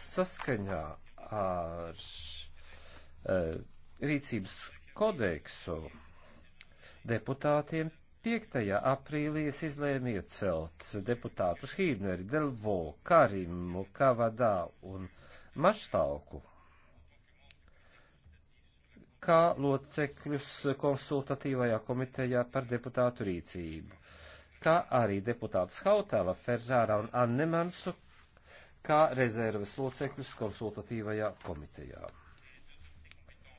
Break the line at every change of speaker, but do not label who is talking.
Saskaņā ar uh, rīcības kodeksu deputātiem 5. aprīlī es izlēmu iecelt deputātus Hībneri, Delvo, Karimu, Kavadā un Maštauku kā locekļus konsultatīvajā komitejā par deputātu rīcību, kā arī deputātus Hautēla, Ferrāra un Annemansu, kā rezerves locekļus konsultatīvajā komitejā.